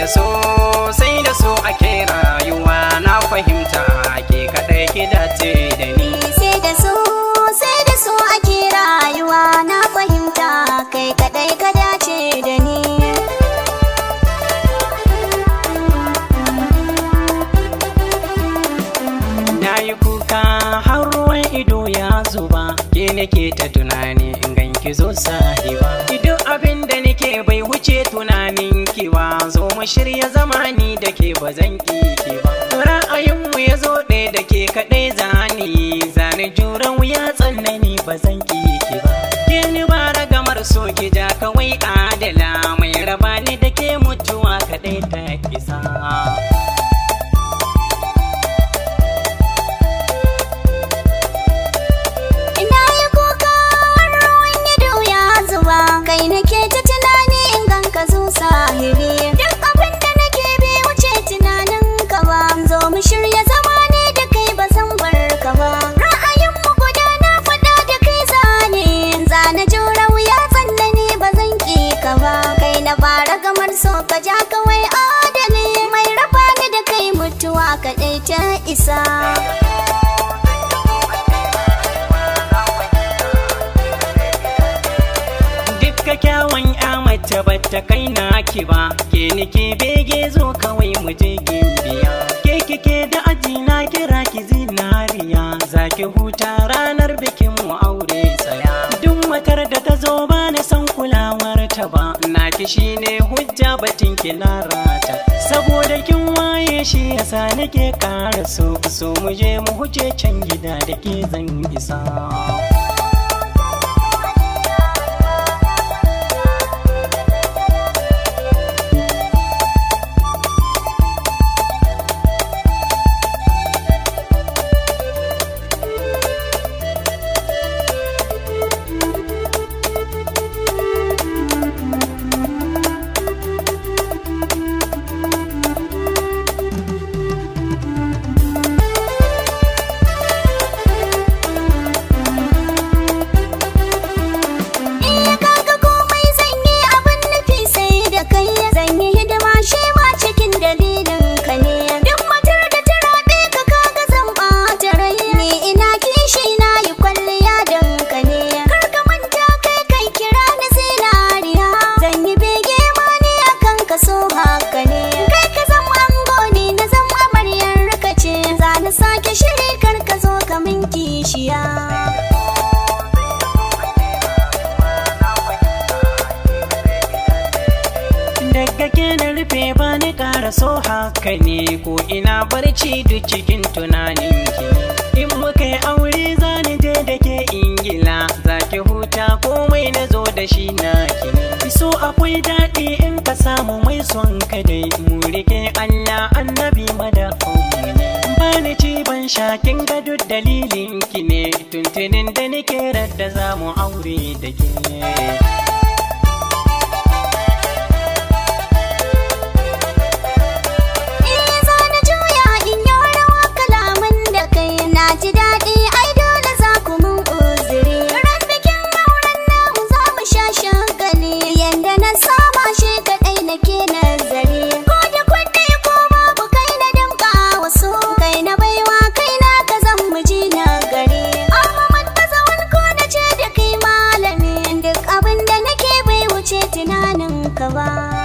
da so sai da so ake rayuwa na fahimta ke kadai kida ce da ni sai da so sai da so ake rayuwa na fahimta kai kadai ka dace da ni na yi kuka har ruwan ido ya zuba ke nake ta tunani in ganki zo sahiwa shirya zamani da ke ba zan ki ba ra'ayinmu ya zo ɗaya da ke kaɗai zani zani juran wuya tsanani ba zan ki ba ke ni ba ragamar so ki ja kawai adala mai raba ni da ke mutuwa kaɗai ta maki ba ke bege zo kawai mu je gimbiya ke kike da aji na kira ki zinariya zaki huta ranar bikin mu aure saya? duk matar da ta zo ba na san kulawar ta ba na ki shine hujja batun ki larata. saboda kin waye shi yasa nake ƙara so so mu je mu huce can gida da ke zan isa tsarkake na rufe ba ni ƙara so haka ne ko ina barci duk cikin tunanin ki in muka yi aure za ni je da ke ingila za ki huta komai na zo da shi na ki so akwai daɗi in ka samu mai son ka dai mu rike allah annabi mada ci shakin ga duk dalilin ki ne tuntunin da nake radda za mu aure da ke 渴望。